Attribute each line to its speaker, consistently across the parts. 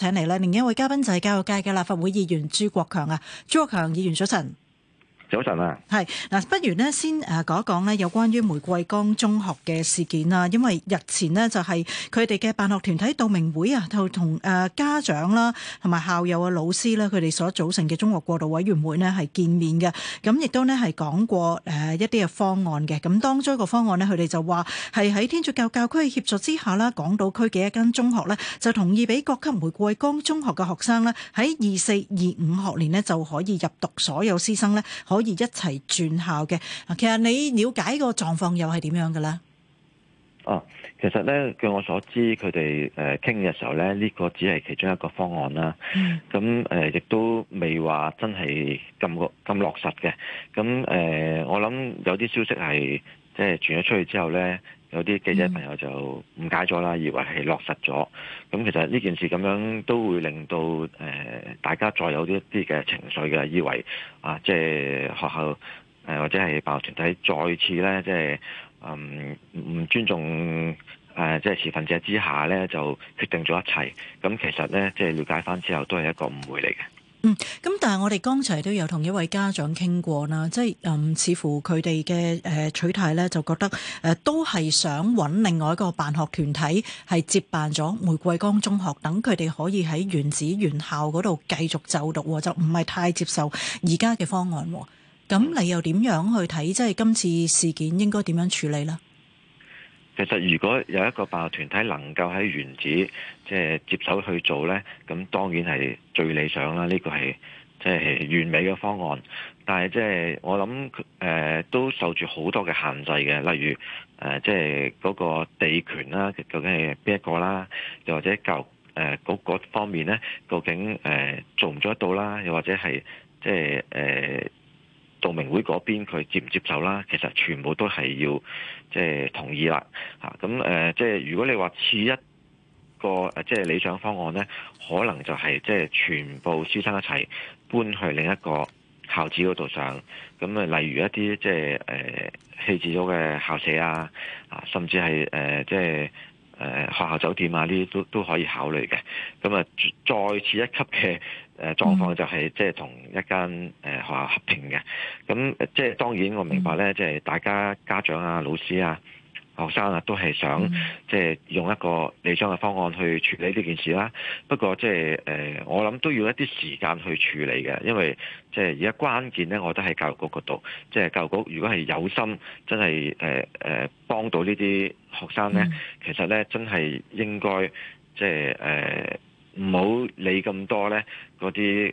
Speaker 1: 請嚟咧，另一位嘉賓就係教育界嘅立法會議員朱國強啊，朱國強議員早晨。早晨啊，係嗱，不如呢先誒講一講呢有關於玫瑰崗中學嘅事件啦。因為日前呢，就係佢哋嘅辦學團體道明會啊，就同誒家長啦，同埋校友啊、老師呢，佢哋所組成嘅中學過渡委員會呢係見面嘅。咁亦都呢係講過誒一啲嘅方案嘅。咁當中一個方案呢，佢哋就話係喺天主教教區協助之下啦，港島區嘅一間中學呢，就同意俾各級玫瑰崗中學嘅學生呢，喺二四二五學年呢就可以入讀，所有師生呢。可。可以一齊轉校嘅，其實你了解個狀況又係點樣嘅咧？
Speaker 2: 哦、啊，其實咧，據我所知，佢哋誒傾嘅時候咧，呢、這個只係其中一個方案啦。咁誒、嗯，亦、呃、都未話真係咁落咁落實嘅。咁誒、呃，我諗有啲消息係即係傳咗出去之後咧。有啲記者朋友就誤解咗啦，以為係落實咗。咁其實呢件事咁樣都會令到誒、呃、大家再有啲一啲嘅情緒嘅，以為啊，即、就、係、是、學校誒、呃、或者係辦學團體再次咧，即係唔唔尊重誒，即係示範者之下咧就決定咗一切。咁其實咧即係了解翻之後，都係一個誤會嚟嘅。
Speaker 1: 嗯，咁但係我哋剛才都有同一位家長傾過啦，即係嗯，似乎佢哋嘅，誒取態咧，就覺得誒、呃、都係想揾另外一個辦學團體係接辦咗玫瑰崗中學，等佢哋可以喺原址原校嗰度繼續就讀，哦、就唔係太接受而家嘅方案。咁、哦嗯、你又點樣去睇？即係今次事件應該點樣處理呢？
Speaker 2: 其實，如果有一個辦學團體能夠喺原址即係接手去做呢，咁當然係最理想啦。呢、這個係即係完美嘅方案。但係即係我諗誒、呃、都受住好多嘅限制嘅，例如誒即係嗰個地權啦，究竟係邊一個啦？又或者教誒各方面呢，究竟誒、呃、做唔做得到啦？又或者係即係誒、呃道明會嗰邊佢接唔接受啦？其實全部都係要即係、就是、同意啦嚇。咁誒、呃，即係如果你話似一個即係理想方案呢，可能就係、是、即係全部師生一齊搬去另一個校址嗰度上。咁啊，例如一啲即係誒、呃、棄置咗嘅校舍啊，啊，甚至係誒、呃、即係。誒學校酒店啊，呢啲都都可以考慮嘅。咁啊，再次一級嘅誒狀況就係即係同一間誒學校合併嘅。咁即係當然我明白咧，即係大家家長啊、老師啊。學生啊，嗯、都係想即係、就是、用一個理想嘅方案去處理呢件事啦。不過即係誒，我諗都要一啲時間去處理嘅，因為即係而家關鍵咧，我覺得喺教育局嗰度。即、就、係、是、教育局，如果係有心真，真係誒誒，幫到呢啲學生咧，嗯、其實咧真係應該即係誒。就是呃唔好理咁多呢嗰啲誒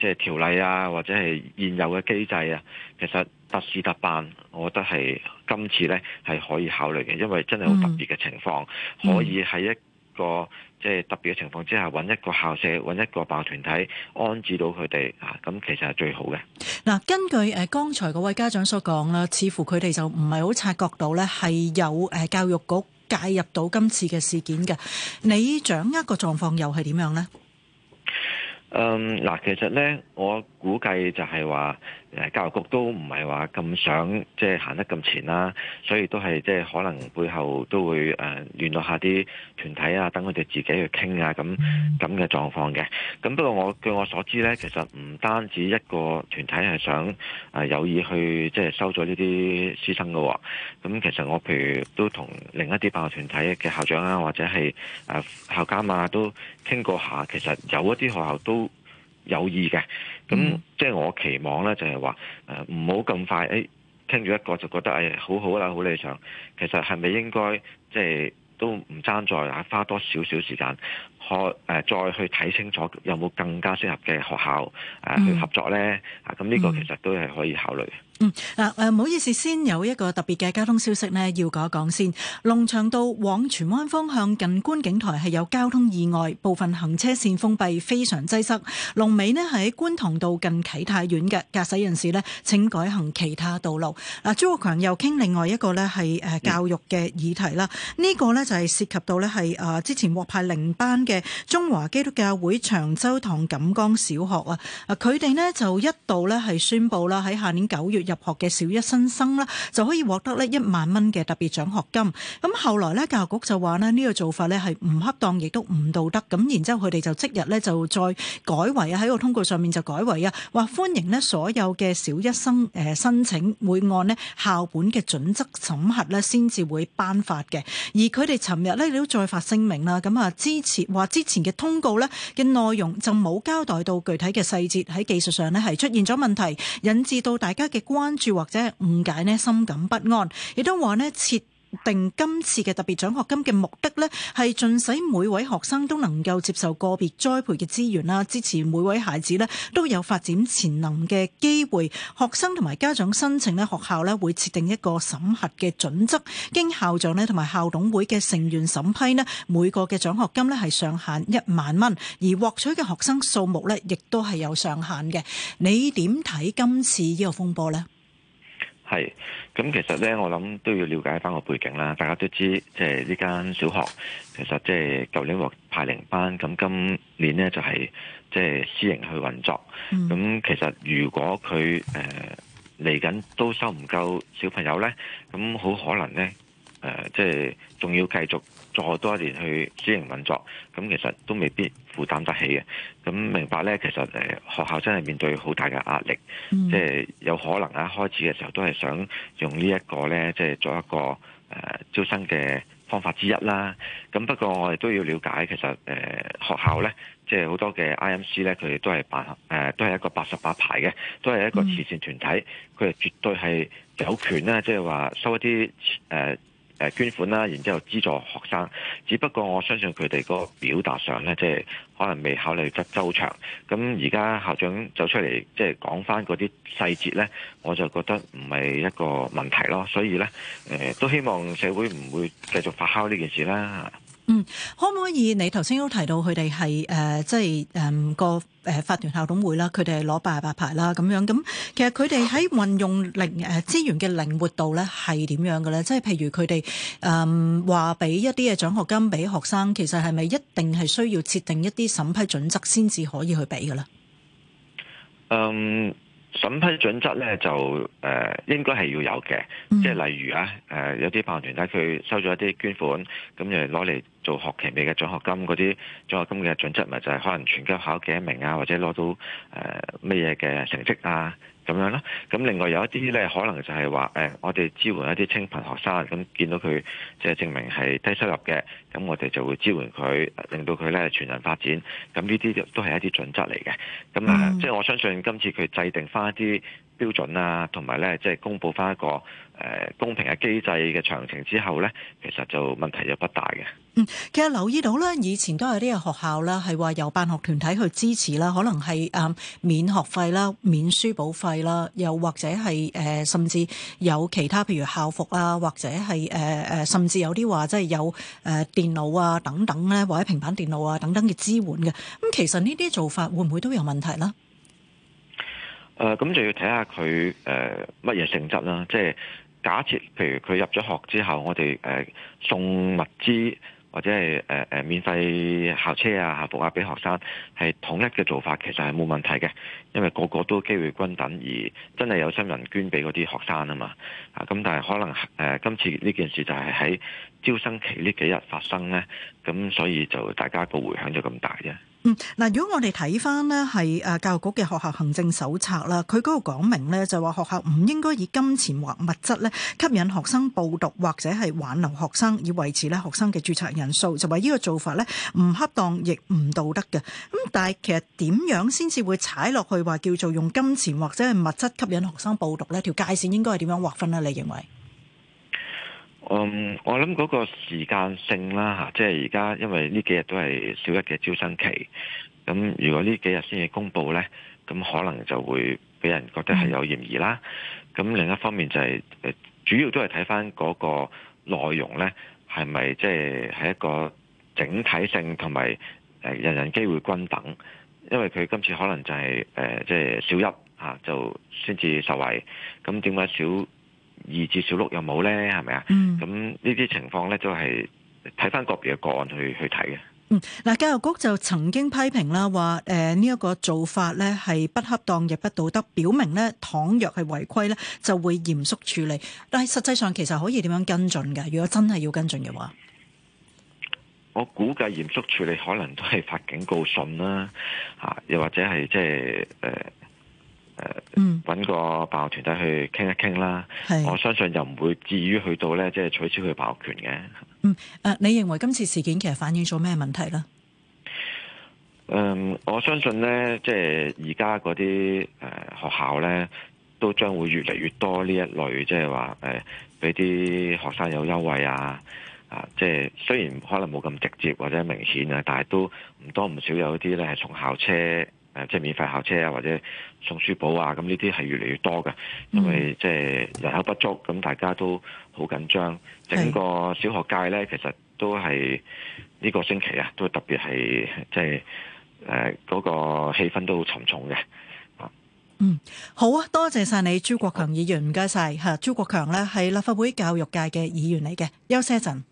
Speaker 2: 即係條例啊，或者係現有嘅機制啊，其實特事特辦我覺得係今次呢係可以考慮嘅，因為真係好特別嘅情況，嗯、可以喺一個即係特別嘅情況之下揾一個校舍，揾一個辦學團體安置到佢哋啊，咁其實係最好嘅。
Speaker 1: 嗱，根據誒剛才嗰位家長所講啦，似乎佢哋就唔係好察覺到呢，係有誒教育局。介入到今次嘅事件嘅，你掌握個狀況又係點樣呢？
Speaker 2: 嗯，嗱，其實呢，我估計就係話。誒教育局都唔係話咁想，即係行得咁前啦啊，所以都係即係可能背後都會誒聯絡下啲團體啊，等佢哋自己去傾啊，咁咁嘅狀況嘅。咁不過我據我所知呢，其實唔單止一個團體係想誒有意去即係收咗呢啲師生㗎。咁其實我譬如都同另一啲辦學團體嘅校長啊，或者係誒校監啊，都傾過下，其實有一啲學校都有意嘅，咁即係我期望咧，就係話誒，唔好咁快，誒、哎，聽住一個就覺得誒、哎，好好啦，好理想，其實係咪應該即係都唔爭在啊，花多少少時間，開誒、呃，再去睇清楚有冇更加適合嘅學校誒、呃、去合作咧，啊，咁、這、呢個其實都係可以考慮。
Speaker 1: 嗯，嗱、呃，誒唔好意思，先有一個特別嘅交通消息咧，要講一講先。龍翔道往荃灣方向近觀景台係有交通意外，部分行車線封閉非常擠塞。龍尾咧係喺觀塘道近啟泰苑嘅，駕駛人士咧請改行其他道路。啊，朱國強又傾另外一個咧係誒教育嘅議題啦。呢、嗯、個咧就係涉及到咧係誒之前獲派零班嘅中華基督教會長洲堂錦江小學啊，啊佢哋咧就一度咧係宣布啦喺下年九月。入學嘅小一新生啦，就可以獲得咧一萬蚊嘅特別獎學金。咁後來咧，教育局就話咧呢個做法咧係唔恰當，亦都唔道德。咁然之後佢哋就即日咧就再改為啊喺個通告上面就改為啊，話歡迎咧所有嘅小一生誒申請，會按咧校本嘅準則審核咧先至會頒發嘅。而佢哋尋日咧亦都再發聲明啦。咁啊，之前話之前嘅通告咧嘅內容就冇交代到具體嘅細節，喺技術上咧係出現咗問題，引致到大家嘅。關注或者誤解咧，深感不安，亦都話咧切。定今次嘅特別獎學金嘅目的呢係盡使每位學生都能夠接受個別栽培嘅資源啦，支持每位孩子呢都有發展潛能嘅機會。學生同埋家長申請呢，學校呢會設定一個審核嘅準則，經校長呢同埋校董會嘅成員審批呢。每個嘅獎學金呢係上限一萬蚊，而獲取嘅學生數目呢亦都係有上限嘅。你點睇今次呢個風波呢？
Speaker 2: 係，咁其實咧，我諗都要了解返個背景啦。大家都知，即係呢間小學其實即係舊年話派零班，咁今年咧就係即係私營去運作。咁、嗯、其實如果佢誒嚟緊都收唔夠小朋友咧，咁好可能咧。誒，即係仲要繼續再多一年去私營運作，咁、嗯、其實都未必負擔得起嘅。咁、嗯、明白咧，其實誒、呃、學校真係面對好大嘅壓力，即、就、係、是、有可能啊，開始嘅時候都係想用呢、就是、一個咧，即係作一個誒招生嘅方法之一啦。咁、嗯、不過我哋都要了解，其實誒、呃、學校咧，即係好多嘅 IMC 咧，佢哋都係八誒都係一個八十八牌嘅，都係一個慈善團體，佢哋絕對係有權啦，即係話收一啲誒。呃捐款啦，然之後資助學生，只不過我相信佢哋嗰個表達上呢，即係可能未考慮得周詳。咁而家校長走出嚟，即係講翻嗰啲細節呢，我就覺得唔係一個問題咯。所以呢、呃，都希望社會唔會繼續發酵呢件事啦。
Speaker 1: 嗯，可唔可以？你頭先都提到佢哋係誒，即係誒、嗯、個誒法團校董會啦，佢哋攞 BB 牌啦，咁樣咁，其實佢哋喺運用靈誒、呃、資源嘅靈活度咧，係點樣嘅咧？即係譬如佢哋誒話俾一啲嘅獎學金俾學生，其實係咪一定係需要設定一啲審批準則先至可以去俾嘅咧？嗯。
Speaker 2: Um, 審批準則咧就誒、呃、應該係要有嘅，即係例如啊誒、呃、有啲辦學團體佢收咗一啲捐款，咁就攞嚟做學期尾嘅獎學金，嗰啲獎學金嘅準則，咪就係可能全級考幾多名啊，或者攞到誒乜嘢嘅成績啊。咁樣啦，咁另外有一啲咧，可能就係話誒，我哋支援一啲清貧學生，咁見到佢即係證明係低收入嘅，咁我哋就會支援佢，令到佢咧全人發展。咁呢啲都係一啲準則嚟嘅。咁啊、呃，即係我相信今次佢制定翻一啲標準啊，同埋咧即係公布翻一個誒、呃、公平嘅機制嘅詳情之後咧，其實就問題就不大嘅。
Speaker 1: 嗯，其實留意到咧，以前都有呢啲學校啦，係話由辦學團體去支持啦，可能係誒、嗯、免學費啦、免書簿費啦，又或者係誒、呃、甚至有其他譬如校服啊，或者係誒誒甚至有啲話即係有誒電腦啊等等咧，或者平板電腦啊等等嘅支援嘅。咁、嗯、其實呢啲做法會唔會都有問題咧？
Speaker 2: 誒、呃，咁就要睇下佢誒乜嘢性質啦。即係假設譬如佢入咗學之後，我哋誒、呃、送物資。或者係誒誒免費校車啊、校服啊俾學生係統一嘅做法，其實係冇問題嘅，因為個個都機會均等，而真係有心人捐俾嗰啲學生啊嘛。啊咁，但係可能誒、呃、今次呢件事就係喺招生期呢幾日發生呢，咁所以就大家個迴響就咁大啫。
Speaker 1: 嗯，嗱，如果我哋睇翻呢係誒教育局嘅學校行政手冊啦，佢嗰度講明呢就話學校唔應該以金錢或物質咧吸引學生報讀，或者係挽留學生以維持咧學生嘅註冊人數，就話呢個做法呢，唔恰當，亦唔道德嘅。咁但係其實點樣先至會踩落去話叫做用金錢或者係物質吸引學生報讀呢，條界線應該係點樣劃分呢？你認為？
Speaker 2: 嗯，um, 我諗嗰個時間性啦吓，即係而家，因為呢幾日都係小一嘅招生期，咁如果呢幾日先至公布呢，咁可能就會俾人覺得係有嫌疑啦。咁另一方面就係誒，主要都係睇翻嗰個內容呢，係咪即係係一個整體性同埋誒人人機會均等，因為佢今次可能就係誒即係小一啊，就先至受惠。咁點解小？二至小六有冇咧？係咪啊？咁呢啲情況咧，都係睇翻個別嘅個案去去睇嘅。嗯，
Speaker 1: 嗱，教育局就曾經批評啦，話誒呢一個做法咧係不恰當亦不道德，表明咧倘若係違規咧，就會嚴肅處理。但係實際上其實可以點樣跟進㗎？如果真係要跟進嘅話，
Speaker 2: 我估計嚴肅處理可能都係發警告信啦，吓、啊，又或者係即係誒。呃誒，嗯，揾個辦學團體去傾一傾啦。係是，我相信又唔會至於去到咧，即係取消佢辦學權嘅。嗯，
Speaker 1: 誒，你認為今次事件其實反映咗咩問題咧？嗯，
Speaker 2: 我相信咧，即係而家嗰啲誒學校咧，都將會越嚟越多呢一類，即係話誒俾啲學生有優惠啊，啊，即係雖然可能冇咁直接或者明顯啊，但係都唔多唔少有啲咧係從校車。誒，即係免費校車啊，或者送書簿啊，咁呢啲係越嚟越多嘅，因為即係人口不足，咁大家都好緊張。是整個小學界呢，其實都係呢個星期啊，都特別係即係誒嗰個氣氛都好沉重嘅。嗯，
Speaker 1: 好啊，多謝晒你，朱國強議員，唔該晒，吓。朱國強呢係立法會教育界嘅議員嚟嘅，休息陣。